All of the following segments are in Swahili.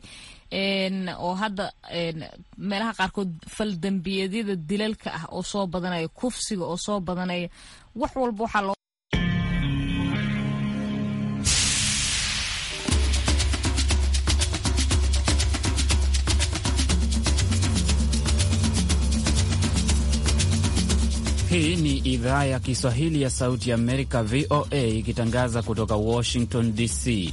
oo hadda meelaha qaarkood fal dembiyaadyada ee dilalka ah oo soo badanaya kufsiga oo soo badanaya wax walba waxaa loo Hii ni idhaa ya Kiswahili ya Sauti ya Amerika, VOA, ikitangaza kutoka Washington DC.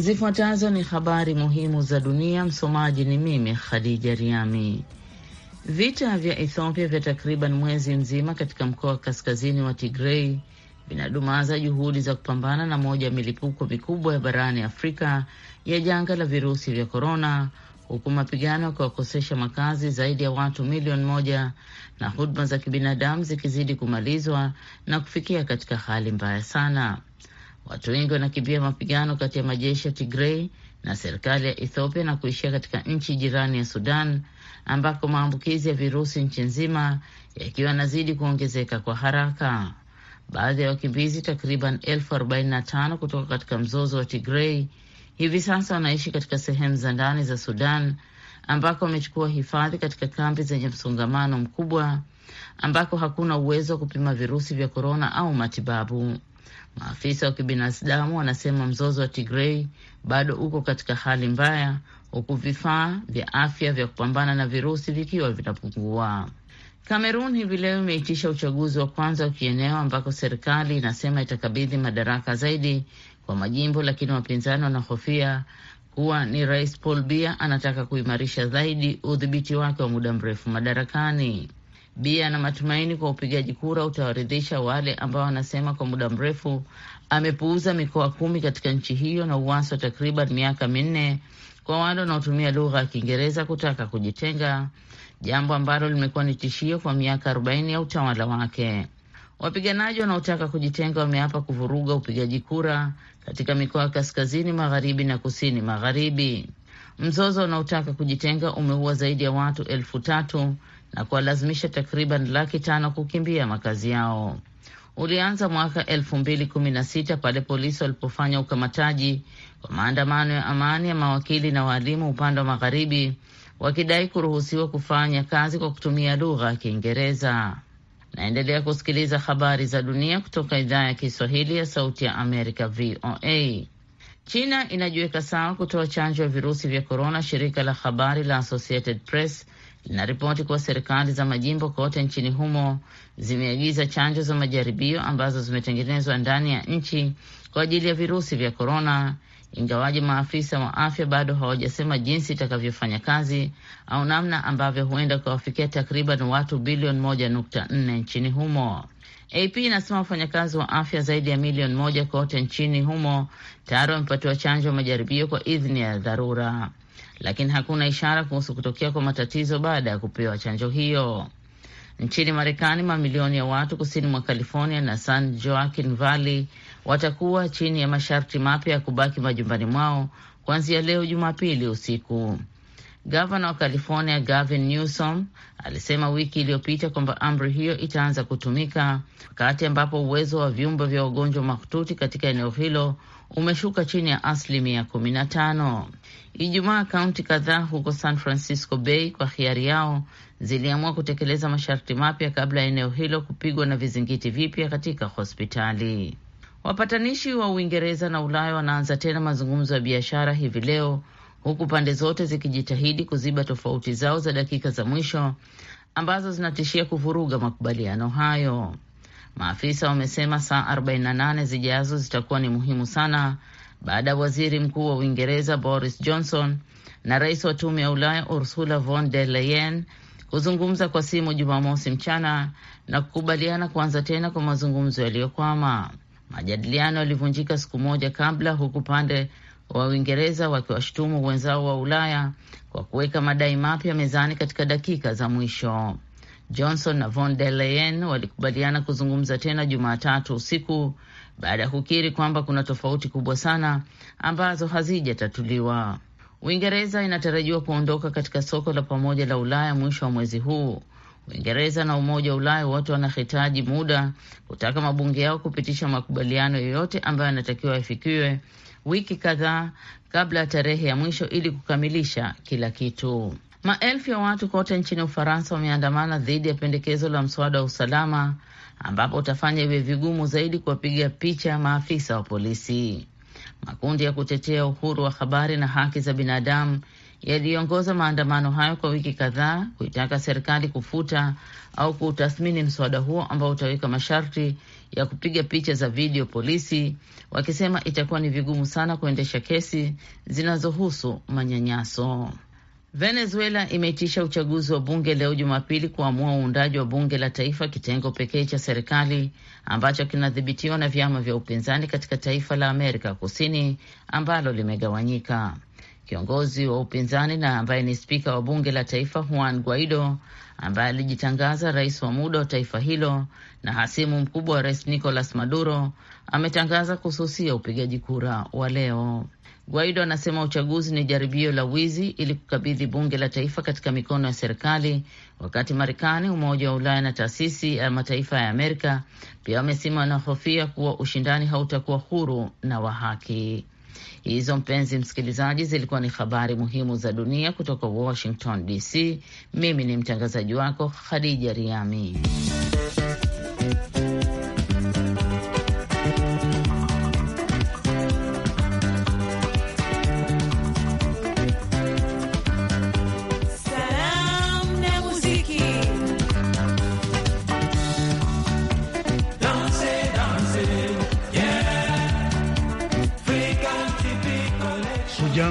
Zifuatazo ni habari muhimu za dunia. Msomaji ni mimi Khadija Riami. Vita vya Ethiopia vya takriban mwezi mzima katika mkoa wa kaskazini wa Tigrei vinadumaza juhudi za kupambana na moja ya milipuko mikubwa ya barani Afrika ya janga la virusi vya korona, huku mapigano yakiwakosesha makazi zaidi ya watu milioni moja na huduma za kibinadamu zikizidi kumalizwa na kufikia katika hali mbaya sana. Watu wengi wanakimbia mapigano kati ya majeshi ya Tigrei na serikali ya Ethiopia na kuishia katika nchi jirani ya Sudan ambako maambukizi ya virusi nchi nzima yakiwa yanazidi kuongezeka kwa haraka. Baadhi ya wakimbizi takriban elfu arobaini na tano kutoka katika mzozo wa Tigrei hivi sasa wanaishi katika sehemu za ndani za Sudan ambako wamechukua hifadhi katika kambi zenye msongamano mkubwa ambako hakuna uwezo wa kupima virusi vya korona au matibabu. Maafisa wa kibinadamu wanasema mzozo wa Tigrei bado uko katika hali mbaya, huku vifaa vya afya vya kupambana na virusi vikiwa vinapungua. Kamerun hivi leo imeitisha uchaguzi wa kwanza wa kieneo ambako serikali inasema itakabidhi madaraka zaidi kwa majimbo, lakini wapinzani wanahofia kuwa ni Rais Paul Biya anataka kuimarisha zaidi udhibiti wake wa muda mrefu madarakani. Bia ana matumaini kwa upigaji kura utawaridhisha wale ambao wanasema kwa muda mrefu amepuuza mikoa kumi katika nchi hiyo na uwasi wa takriban miaka minne kwa wale wanaotumia lugha ya Kiingereza kutaka kujitenga, jambo ambalo limekuwa ni tishio kwa miaka 40 ya utawala wake. Wapiganaji wanaotaka kujitenga wameapa kuvuruga upigaji kura katika mikoa ya kaskazini magharibi na kusini magharibi. Mzozo unaotaka kujitenga umeua zaidi ya watu elfu tatu na kuwalazimisha takriban laki tano kukimbia makazi yao. Ulianza mwaka elfu mbili kumi na sita pale polisi walipofanya ukamataji kwa maandamano ya amani ya mawakili na waalimu upande wa magharibi wakidai kuruhusiwa kufanya kazi kwa kutumia lugha ya Kiingereza. Naendelea kusikiliza habari za dunia kutoka idhaa ya Kiswahili ya Sauti ya Amerika, VOA. China inajiweka sawa kutoa chanjo ya virusi vya korona. Shirika la habari la Associated Press linaripoti kuwa serikali za majimbo kote nchini humo zimeagiza chanjo za majaribio ambazo zimetengenezwa ndani ya nchi kwa ajili ya virusi vya korona, ingawaji maafisa wa afya bado hawajasema jinsi itakavyofanya kazi au namna ambavyo huenda kuwafikia takriban watu bilioni moja nukta nne nchini humo. AP inasema wafanyakazi wa afya zaidi ya milioni moja kote nchini humo tayari wamepatiwa chanjo ya majaribio kwa idhini ya dharura lakini hakuna ishara kuhusu kutokea kwa matatizo baada ya kupewa chanjo hiyo. Nchini Marekani, mamilioni ya watu kusini mwa California na San Joaquin Valley watakuwa chini ya masharti mapya ya kubaki majumbani mwao kuanzia leo Jumapili usiku. Gavana wa California Gavin Newsom alisema wiki iliyopita kwamba amri hiyo itaanza kutumika wakati ambapo uwezo wa vyumba vya wagonjwa mahututi katika eneo hilo umeshuka chini ya asilimia kumi na tano. Ijumaa, kaunti kadhaa huko San Francisco Bay kwa hiari yao ziliamua kutekeleza masharti mapya kabla ya eneo hilo kupigwa na vizingiti vipya katika hospitali. Wapatanishi wa Uingereza na Ulaya wanaanza tena mazungumzo ya biashara hivi leo huku pande zote zikijitahidi kuziba tofauti zao za dakika za mwisho ambazo zinatishia kuvuruga makubaliano hayo. Maafisa wamesema saa 48 zijazo zitakuwa ni muhimu sana baada ya waziri mkuu wa Uingereza Boris Johnson na rais wa tume ya Ulaya Ursula von der Leyen kuzungumza kwa simu Jumamosi mchana na kukubaliana kuanza tena kwa mazungumzo yaliyokwama. Majadiliano yalivunjika siku moja kabla, huku pande wa Uingereza wakiwashutumu wenzao wa Ulaya kwa kuweka madai mapya mezani katika dakika za mwisho. Johnson na von der Leyen walikubaliana kuzungumza tena Jumatatu usiku baada ya kukiri kwamba kuna tofauti kubwa sana ambazo hazijatatuliwa. Uingereza inatarajiwa kuondoka katika soko la pamoja la Ulaya mwisho wa mwezi huu. Uingereza na Umoja wa Ulaya wote wanahitaji muda kutaka mabunge yao kupitisha makubaliano yoyote ambayo yanatakiwa yafikiwe wiki kadhaa kabla ya tarehe ya mwisho ili kukamilisha kila kitu. Maelfu ya watu kote nchini Ufaransa wameandamana dhidi ya pendekezo la mswada wa usalama ambapo utafanya iwe vigumu zaidi kuwapiga picha maafisa wa polisi. Makundi ya kutetea uhuru wa habari na haki za binadamu yaliyoongoza maandamano hayo kwa wiki kadhaa kuitaka serikali kufuta au kuutathmini mswada huo ambao utaweka masharti ya kupiga picha za video, polisi wakisema itakuwa ni vigumu sana kuendesha kesi zinazohusu manyanyaso. Venezuela imeitisha uchaguzi wa bunge leo Jumapili kuamua uundaji wa bunge la taifa, kitengo pekee cha serikali ambacho kinadhibitiwa na vyama vya upinzani katika taifa la Amerika Kusini ambalo limegawanyika. Kiongozi wa upinzani na ambaye ni spika wa bunge la taifa Juan Guaido ambaye alijitangaza rais wa muda wa taifa hilo na hasimu mkubwa wa rais Nicolas Maduro, ametangaza kususia upigaji kura wa leo. Guaido anasema uchaguzi ni jaribio la wizi ili kukabidhi bunge la taifa katika mikono ya serikali, wakati Marekani, Umoja wa Ulaya na taasisi ya mataifa ya Amerika pia wamesema wanahofia kuwa ushindani hautakuwa huru na wa haki. Hizo mpenzi msikilizaji, zilikuwa ni habari muhimu za dunia kutoka Washington DC. Mimi ni mtangazaji wako Khadija Riami.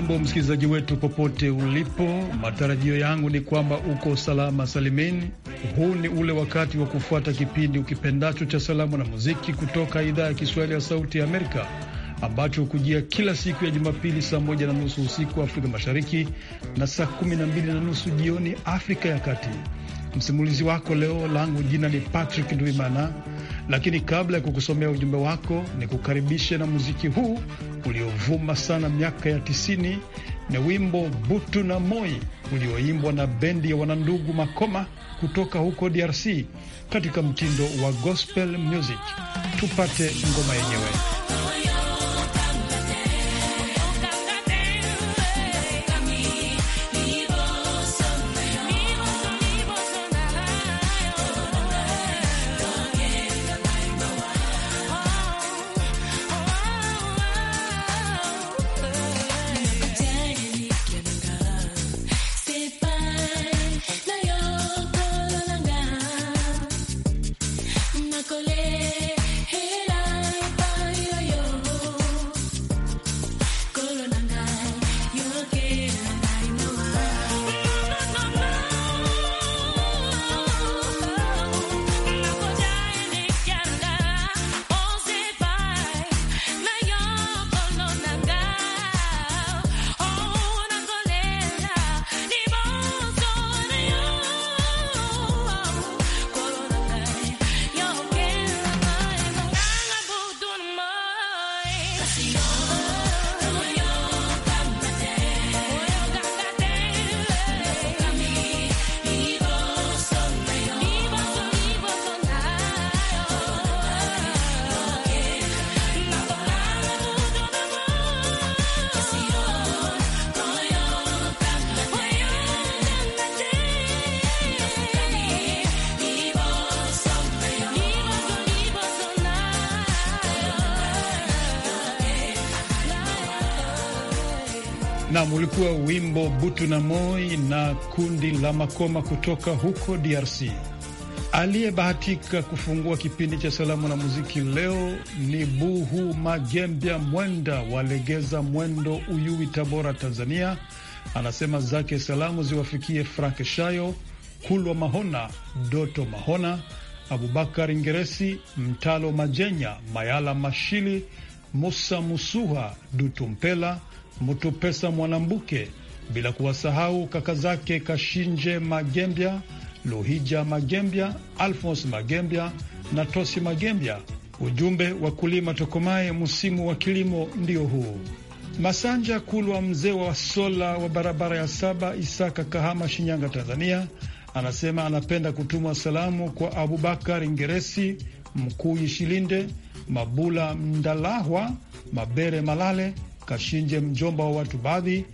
Hujambo msikilizaji wetu popote ulipo, matarajio yangu ni kwamba uko salama salimini. Huu ni ule wakati wa kufuata kipindi ukipendacho cha salamu na muziki kutoka idhaa ya Kiswahili ya Sauti ya Amerika ambacho hukujia kila siku ya Jumapili saa moja na nusu usiku Afrika Mashariki na saa kumi na mbili na nusu jioni Afrika ya Kati. Msimulizi wako leo langu jina ni Patrick Ndwimana lakini kabla ya kukusomea ujumbe wako, ni kukaribishe na muziki huu uliovuma sana miaka ya tisini. Ni wimbo Butu na Moi ulioimbwa na bendi ya wanandugu Makoma kutoka huko DRC katika mtindo wa gospel music. Tupate ngoma yenyewe. ulikuwa wimbo butu na moi na kundi la Makoma kutoka huko DRC. Aliyebahatika kufungua kipindi cha salamu na muziki leo ni Buhu Magembya Mwenda walegeza mwendo Uyui, Tabora, Tanzania. Anasema zake salamu ziwafikie Frank Shayo, Kulwa Mahona, Doto Mahona, Abubakar Ingeresi, Mtalo Majenya, Mayala Mashili, Musa Musuha, Dutumpela Mtu Pesa Mwanambuke, bila kuwasahau kaka zake Kashinje Magembya, Luhija Magembya, Alfons Magembya na Tosi Magembya. Ujumbe wa kulima Tokomae, msimu wa kilimo ndio huu. Masanja Kulwa, mzee wa sola wa barabara ya saba, Isaka, Kahama, Shinyanga, Tanzania, anasema anapenda kutumwa salamu kwa Abubakar ngeresi Mkuu Ishilinde, Mabula mndalahwa Mabere Malale Kashinje, mjomba wa watu baadhi,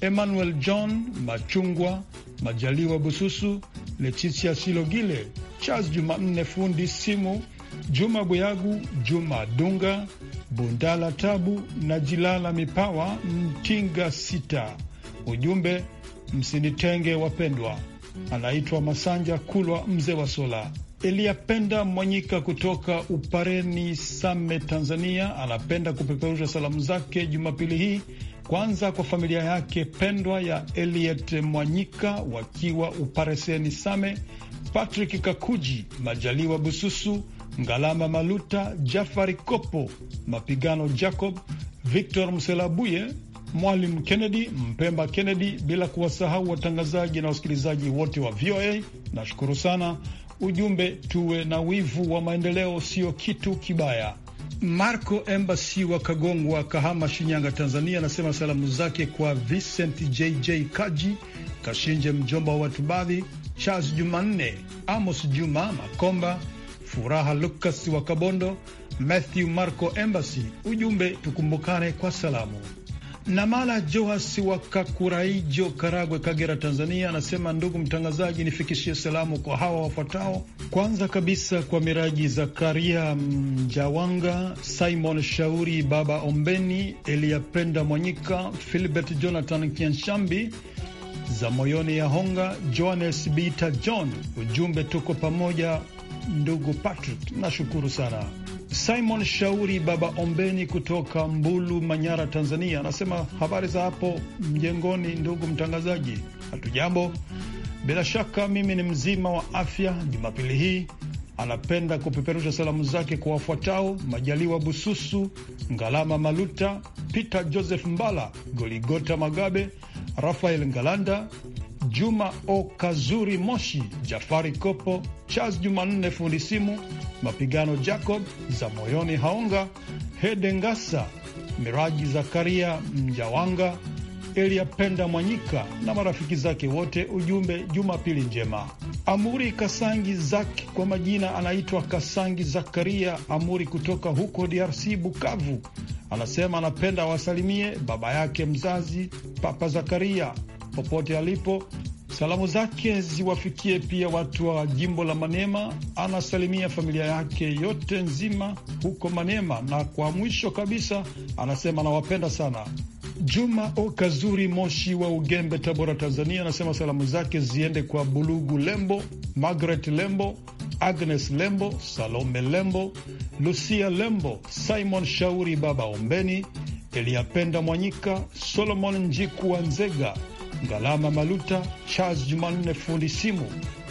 Emmanuel John Machungwa, Majaliwa Bususu, Leticia Silogile, Charles Jumanne fundi simu, Juma Buyagu, Juma Dunga, Bundala Tabu na Jilala Mipawa Mtinga Sita. Ujumbe, msinitenge wapendwa. Anaitwa Masanja Kulwa, mzee wa sola. Eliapenda Mwanyika kutoka Upareni Same, Tanzania, anapenda kupeperusha salamu zake Jumapili hii kwanza kwa familia yake pendwa ya Eliet Mwanyika wakiwa Upareseni Same, Patrick Kakuji, Majaliwa Bususu, Ngalama Maluta, Jafari Kopo, Mapigano Jacob, Victor Mselabuye, Mwalimu Kennedy Mpemba Kennedy, bila kuwasahau watangazaji na wasikilizaji wote wa VOA. Nashukuru sana. Ujumbe, tuwe na wivu wa maendeleo, sio kitu kibaya. Marco Embassy wa Kagongwa, Kahama, Shinyanga, Tanzania, anasema salamu zake kwa Vincent JJ Kaji Kashinje, mjomba wa watu baadhi, Charles Jumanne, Amos Juma Makomba, Furaha Lukas wa Kabondo, Matthew Marco Embassy. Ujumbe, tukumbukane kwa salamu. Namala Johasi wa Kakuraijo, Karagwe, Kagera, Tanzania, anasema ndugu mtangazaji, nifikishie salamu kwa hawa wafuatao. Kwanza kabisa kwa Miraji Zakaria Mjawanga, Simon Shauri, Baba Ombeni, penda Mwanyika, Filbert Jonathan Kianshambi za moyoni ya Honga, Johannes Bita John. Ujumbe tuko pamoja, ndugu Patrick, nashukuru sana. Simon Shauri Baba Ombeni kutoka Mbulu, Manyara, Tanzania, anasema habari za hapo mjengoni, ndugu mtangazaji. Hatujambo, bila shaka mimi ni mzima wa afya jumapili hii. Anapenda kupeperusha salamu zake kwa wafuatao: Majaliwa Bususu, Ngalama Maluta, Peter Joseph Mbala, Goligota Magabe, Rafael Ngalanda, Juma Okazuri Moshi, Jafari Kopo, Charles Jumanne fundi simu, Mapigano Jacob za Moyoni, Haonga Hedengasa, Miraji Zakaria Mjawanga, Elia Penda Mwanyika na marafiki zake wote. Ujumbe, Jumapili njema. Amuri Kasangi Zaki, kwa majina anaitwa Kasangi Zakaria Amuri kutoka huko DRC Bukavu, anasema anapenda awasalimie baba yake mzazi Papa Zakaria popote alipo. Salamu zake ziwafikie pia watu wa jimbo la Manema. Anasalimia familia yake yote nzima huko Manema, na kwa mwisho kabisa anasema anawapenda sana. Juma Okazuri Moshi wa Ugembe, Tabora, Tanzania, anasema salamu zake ziende kwa Bulugu Lembo, Margaret Lembo, Agnes Lembo, Salome Lembo, Lucia Lembo, Simon Shauri, Baba Ombeni, Eliapenda Mwanyika, Solomon Njiku wa Nzega Ngalama Maluta, Charles Jumanne fundi simu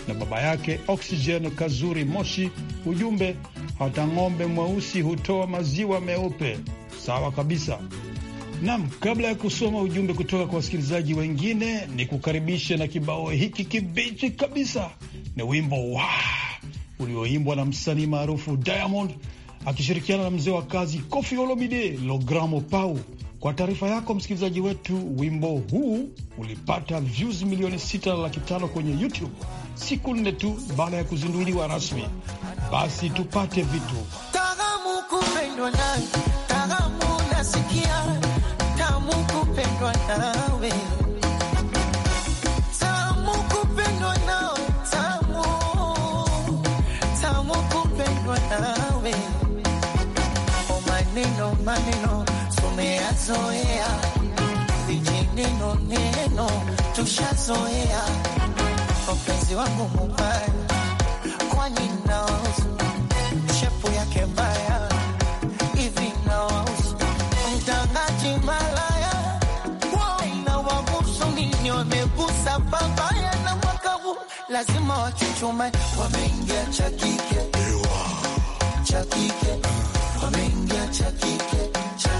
na baba yake Oxygen Kazuri Moshi. Ujumbe, hata ng'ombe mweusi hutoa maziwa meupe. Sawa kabisa. Nam, kabla ya kusoma ujumbe kutoka kwa wasikilizaji wengine, ni kukaribisha na kibao hiki kibichi kabisa. Ni wimbo wa ulioimbwa na msanii maarufu Diamond akishirikiana na mzee wa kazi Koffi Olomide, Logramo Pau kwa taarifa yako msikilizaji wetu, wimbo huu ulipata views milioni sita na laki tano kwenye YouTube siku nne tu baada ya kuzinduliwa rasmi. Basi tupate vitu maneno maneno tushazoea, vijineno neno tushazoea, mpenzi wangu mubaya, kwani nauzu shepu yake mbaya hivi, nauzu mtangaji malaya, nawabusu nini, wamebusa babaya na mwakavu, lazima wachuchume, wameingia cha kike wameingia cha cha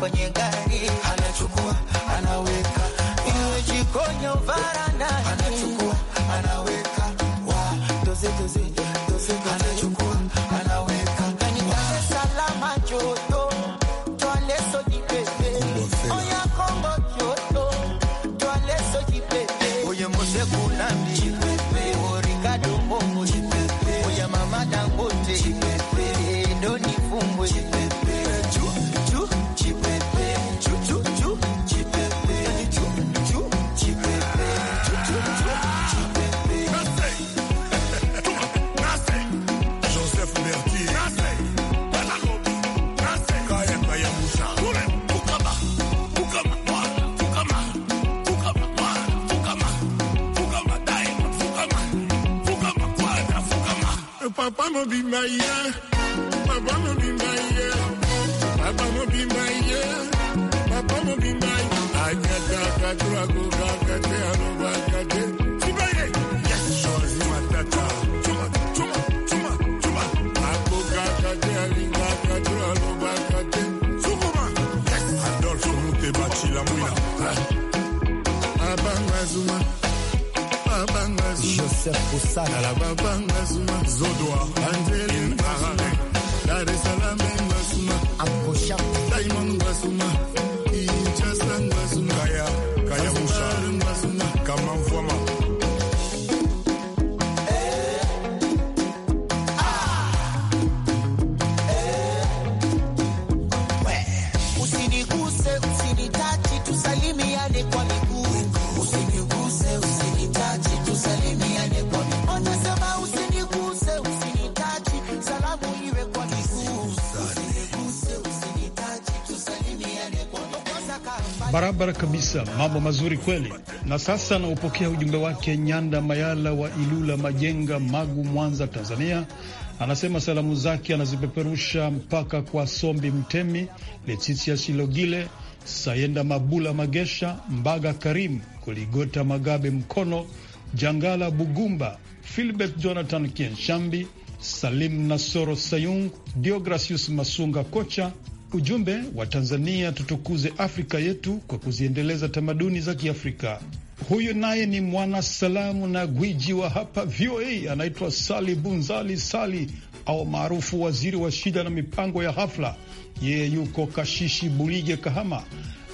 kwenye gari, anachukua anaweka, iwe jikoni au varandani, anachukua anaweka, wa doze doze doze doze Papa mo be my yeah. Papa mo be my yeah. Papa mo be my yeah. Papa mo be my yeah. Anyata katura kuka kate aruba kate. Tibaye. Yes, sorry, matata. Chuma, chuma, chuma, chuma. Akuka kate alinga katura aruba kate. Sukuma. Yes. Adolfo mute bachila mwina. Abkosham. Diamond Gasuma. barabara kabisa, mambo mazuri kweli. Na sasa naupokea ujumbe wake Nyanda Mayala wa Ilula, Majenga, Magu, Mwanza, Tanzania. Anasema salamu zake anazipeperusha mpaka kwa Sombi Mtemi, Letitia Shilogile, Sayenda Mabula, Magesha Mbaga, Karim Kuligota, Magabe Mkono, Jangala Bugumba, Filbert Jonathan Kienshambi, Salim Nasoro Sayung, Diogracius Masunga kocha Ujumbe wa Tanzania tutukuze Afrika yetu kwa kuziendeleza tamaduni za Kiafrika. Huyu naye ni mwanasalamu na gwiji wa hapa VOA, anaitwa Sali Bunzali Sali au maarufu waziri wa shida na mipango ya hafla. Yeye yuko Kashishi, Bulige, Kahama.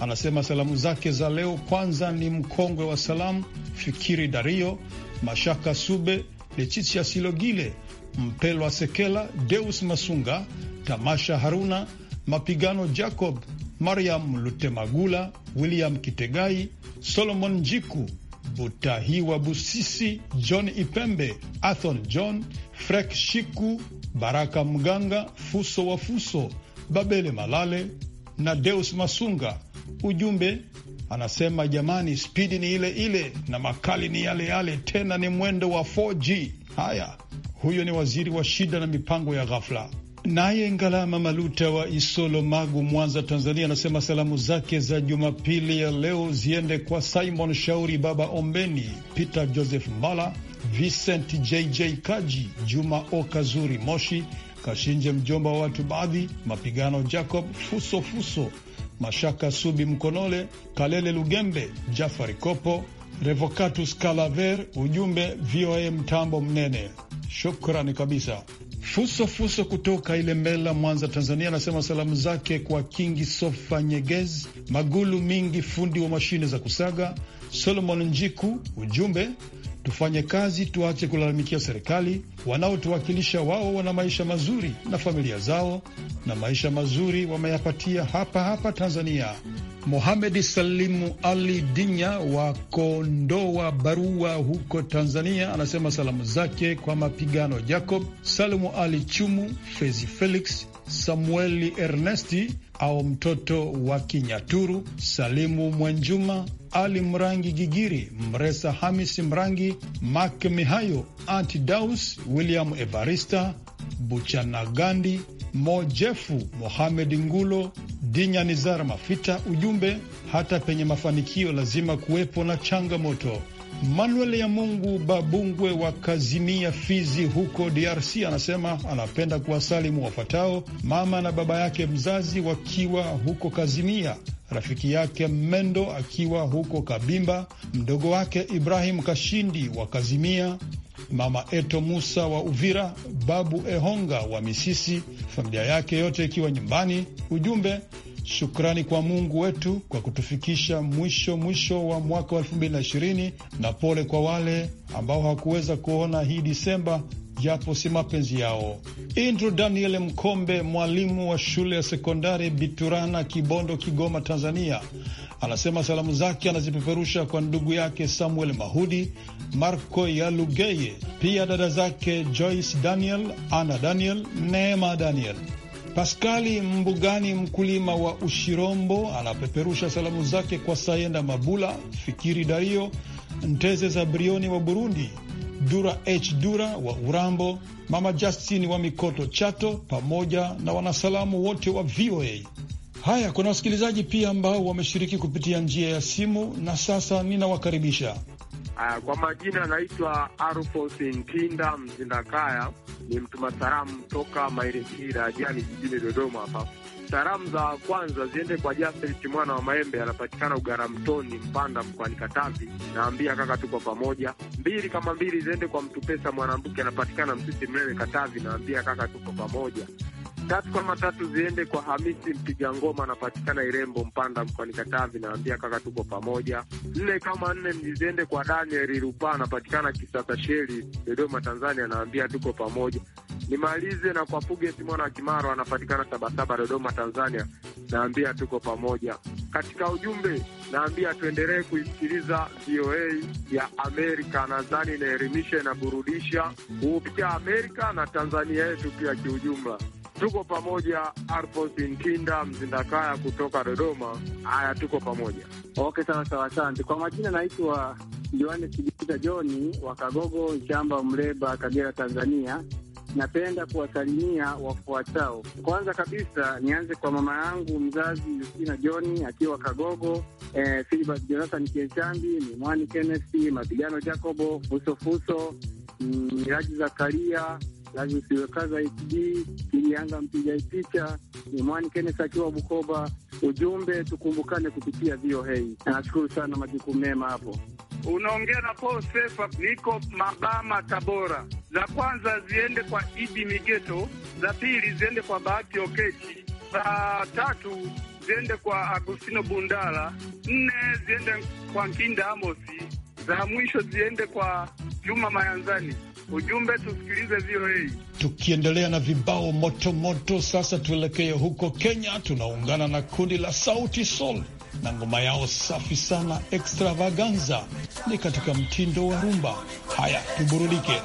Anasema salamu zake za leo, kwanza ni mkongwe wa salamu Fikiri Dario, Mashaka Sube, Lechichi Asilogile, Mpelwa Sekela, Deus Masunga, Tamasha Haruna Mapigano Jacob Mariam Lutemagula, William Kitegai, Solomon Njiku, Butahiwa Busisi, John Ipembe, Athon John, Frek Shiku, Baraka Mganga, Fuso wa Fuso, Babele Malale na Deus Masunga. Ujumbe anasema jamani, spidi ni ile ile na makali ni yale yale, tena ni mwendo wa 4G. Haya, huyo ni waziri wa shida na mipango ya ghafla. Naye Ngalama Maluta wa Isolo, Magu, Mwanza, Tanzania, anasema salamu zake za Jumapili ya leo ziende kwa Simon Shauri, Baba Ombeni, Peter Joseph Mala, Vincent JJ Kaji, Juma Okazuri Moshi, Kashinje mjomba wa watu baadhi, Mapigano Jacob Fuso Fuso, Mashaka Subi Mkonole, Kalele Lugembe, Jafari Kopo, Revocatus Calaver. Ujumbe VOA mtambo mnene. Shukrani kabisa. Fuso Fuso kutoka Ilemela, Mwanza, Tanzania, anasema salamu zake kwa Kingi Sofa Nyegez Magulu Mingi, fundi wa mashine za kusaga, Solomon Njiku. Ujumbe Tufanye kazi, tuache kulalamikia serikali. Wanaotuwakilisha wao wana maisha mazuri na familia zao, na maisha mazuri wameyapatia hapa hapa Tanzania. Mohamedi Salimu Ali Dinya wa Kondoa Barua huko Tanzania anasema salamu zake kwa Mapigano Jacob, Salimu Ali Chumu, Fezi Felix Samueli Ernesti au mtoto wa Kinyaturu, Salimu Mwenjuma, Ali Mrangi Gigiri, Mresa Hamis Mrangi, Mak Mihayo, Anti Daus, William Evarista Buchana Gandi, Mojefu Mohamed Ngulo, Dinya Nizar Mafita. Ujumbe, hata penye mafanikio lazima kuwepo na changamoto. Manuel ya Mungu Babungwe wa Kazimia, Fizi huko DRC anasema anapenda kuwasalimu wafuatao: mama na baba yake mzazi wakiwa huko Kazimia, rafiki yake mendo akiwa huko Kabimba, mdogo wake Ibrahim Kashindi wa Kazimia, mama Eto Musa wa Uvira, babu Ehonga wa Misisi, familia yake yote ikiwa nyumbani. Ujumbe Shukrani kwa Mungu wetu kwa kutufikisha mwisho mwisho wa mwaka wa 2020 na pole kwa wale ambao hawakuweza kuona hii Disemba, japo si mapenzi yao. Indru Daniel Mkombe, mwalimu wa shule ya sekondari Biturana, Kibondo, Kigoma, Tanzania, anasema salamu zake anazipeperusha kwa ndugu yake Samuel Mahudi, Marco Yalugeye, pia dada zake Joyce Daniel, Ana Daniel, Neema Daniel Paskali Mbugani, mkulima wa Ushirombo, anapeperusha salamu zake kwa Sayenda Mabula, Fikiri Dario Nteze za Brioni wa Burundi, Dura H Dura wa Urambo, Mama Justini wa Mikoto Chato, pamoja na wanasalamu wote wa VOA. Haya, kuna wasikilizaji pia ambao wameshiriki kupitia njia ya simu, na sasa ninawakaribisha. Uh, kwa majina anaitwa Arufos Ntinda Mzindakaya, ni mtuma salamu toka Mairetira Jani jijini Dodoma hapa. Salamu za kwanza ziende kwa Jafet mwana wa Maembe, anapatikana Ugaramtoni Mpanda mkoani Katavi, naambia kaka, tuko pamoja. Mbili kama mbili ziende kwa Mtupesa Mwanambuke, anapatikana Msisi mlele Katavi, naambia kaka, tuko pamoja tatu kama tatu ziende kwa Hamisi mpiga ngoma, anapatikana Irembo Mpanda mkoani Katavi, naambia kaka, tuko pamoja. Nne kama nne ziende kwa Daniel Rupa, anapatikana Kisasa Sheli, Dodoma Tanzania, naambia tuko pamoja. Nimalize na kwa Puge Simona Kimaro, anapatikana Sabasaba Dodoma Tanzania, naambia tuko pamoja. Katika ujumbe naambia tuendelee kuisikiliza VOA ya Amerika, nadhani inaelimisha, inaburudisha, kupitia Amerika na Tanzania yetu pia kiujumla. Tuko pamoja. Alfonsi Ntinda Mzindakaya kutoka Dodoma. Haya, tuko pamoja. Okay, sawa sawa, asante kwa majina. Naitwa Johannes Kijita Joni wa Kagogo shamba Mreba, Kagera, Tanzania. Napenda kuwasalimia wafuatao. Kwanza kabisa nianze kwa mama yangu mzazi Justina joni akiwa Kagogo, eh, Filibert Jonathan Kiechambi, Mimwani Kennesi Mapigano, Jacobo Fusofuso, Miraji mm, Zakaria siwe yaani kaza HD, Kilianga mpiga picha, Imwani Kenneth akiwa Bukoba. Ujumbe tukumbukane kupitia VOA. Nashukuru sana, majukumu mema hapo. Unaongea na Paul Sefa, niko Mabama, Tabora. Za kwanza ziende kwa Idi Migeto, za pili ziende kwa Bahati Okechi, za tatu ziende kwa Agustino Bundala, nne ziende kwa Nkinda Amosi, za mwisho ziende kwa Juma Mayanzani. Ujumbe tusikilize VOA. Tukiendelea na vibao moto moto, sasa tuelekee huko Kenya. Tunaungana na kundi la Sauti Sol na ngoma yao safi sana Extravaganza, ni katika mtindo wa rumba. Haya, tuburudike.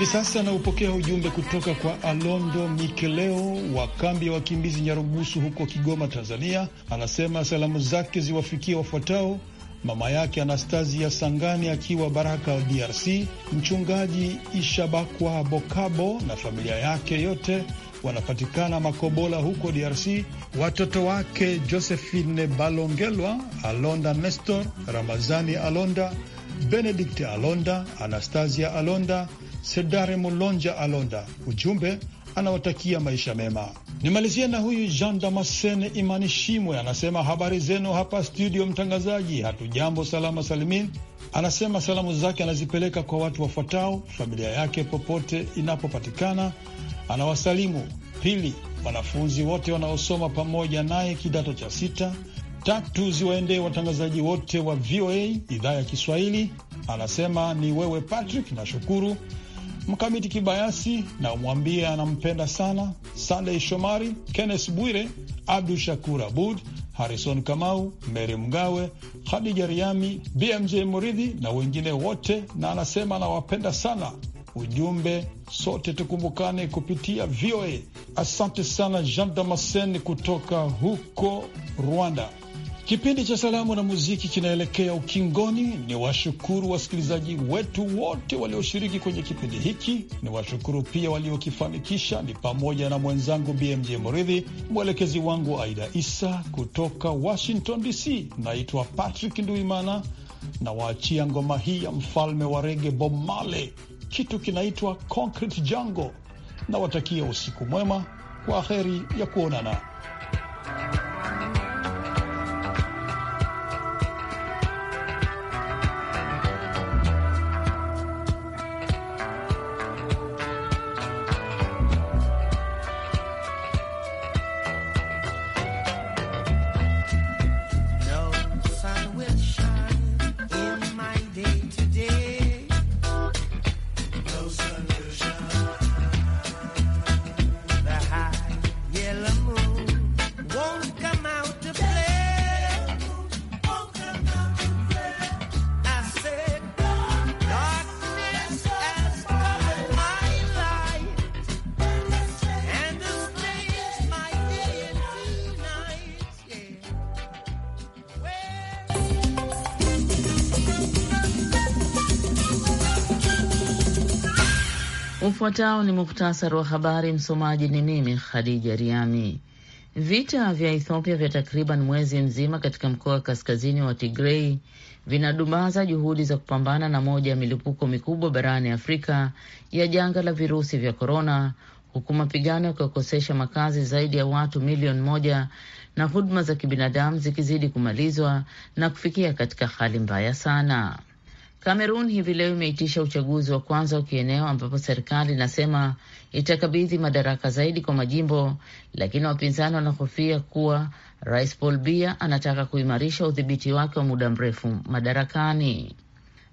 Hivi sasa anaupokea ujumbe kutoka kwa Alondo Mikeleo wa kambi ya wakimbizi Nyarugusu huko Kigoma, Tanzania. Anasema salamu zake ziwafikie wafuatao: mama yake Anastasia Sangani akiwa Baraka DRC, mchungaji Ishabakwa Bokabo na familia yake yote wanapatikana Makobola huko DRC, watoto wake Josephine Balongelwa, Alonda Nestor, Ramazani Alonda Benedict Alonda, Anastasia Alonda, Sedare Mulonja Alonda. Ujumbe anawatakia maisha mema. nimalizia na huyu Jean Damascene Imani Shimwe, anasema habari zenu hapa studio, mtangazaji. Hatujambo, salama salimin. Anasema salamu zake anazipeleka kwa watu wafuatao: familia yake popote inapopatikana anawasalimu; pili, wanafunzi wote wanaosoma pamoja naye kidato cha sita tatu ziwaendee watangazaji wote wa VOA idhaa ya Kiswahili. Anasema ni wewe Patrick, na shukuru Mkamiti Kibayasi, na anampenda sana Sandey Shomari, Kenneth Bwire, Abdu Shakur Abud, Harison Kamau, Meri Mgawe, Khadija Riami, BMJ Muridhi na wengine wote, na anasema anawapenda sana. Ujumbe, sote tukumbukane kupitia VOA. Asante sana Jean Damascene kutoka huko Rwanda. Kipindi cha salamu na muziki kinaelekea ukingoni. Ni washukuru wasikilizaji wetu wote walioshiriki kwenye kipindi hiki, ni washukuru pia waliokifanikisha, ni pamoja na mwenzangu BMJ Moridhi, mwelekezi wangu Aida Isa kutoka Washington DC. Naitwa Patrick Nduimana na waachia ngoma hii ya mfalme wa rege Bob Marley, kitu kinaitwa Concrete Jungle, na watakia usiku mwema, kwa heri ya kuonana. Ufuatao ni muhtasari wa habari. Msomaji ni mimi Khadija Riami. Vita vya Ethiopia vya takriban mwezi mzima katika mkoa wa kaskazini wa Tigrei vinadumaza juhudi za kupambana na moja ya milipuko mikubwa barani Afrika ya janga la virusi vya korona, huku mapigano yakiokosesha makazi zaidi ya watu milioni moja na huduma za kibinadamu zikizidi kumalizwa na kufikia katika hali mbaya sana. Kamerun hivi leo imeitisha uchaguzi wa kwanza wa kieneo ambapo serikali inasema itakabidhi madaraka zaidi kwa majimbo, lakini wapinzani wanahofia kuwa Rais Paul Biya anataka kuimarisha udhibiti wake wa muda mrefu madarakani.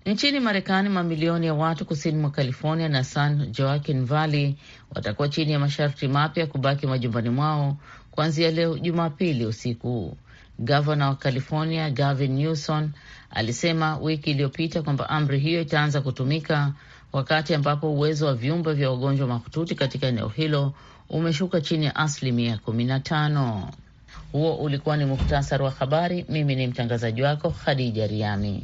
Nchini Marekani, mamilioni ya watu kusini mwa California na San Joaquin Valley watakuwa chini ya masharti mapya kubaki majumbani mwao kuanzia leo Jumapili usiku. Gavana wa California Gavin Newsom alisema wiki iliyopita kwamba amri hiyo itaanza kutumika wakati ambapo uwezo wa vyumba vya wagonjwa mahututi katika eneo hilo umeshuka chini ya asilimia kumi na tano. Huo ulikuwa ni muhtasari wa habari. Mimi ni mtangazaji wako Khadija Riami.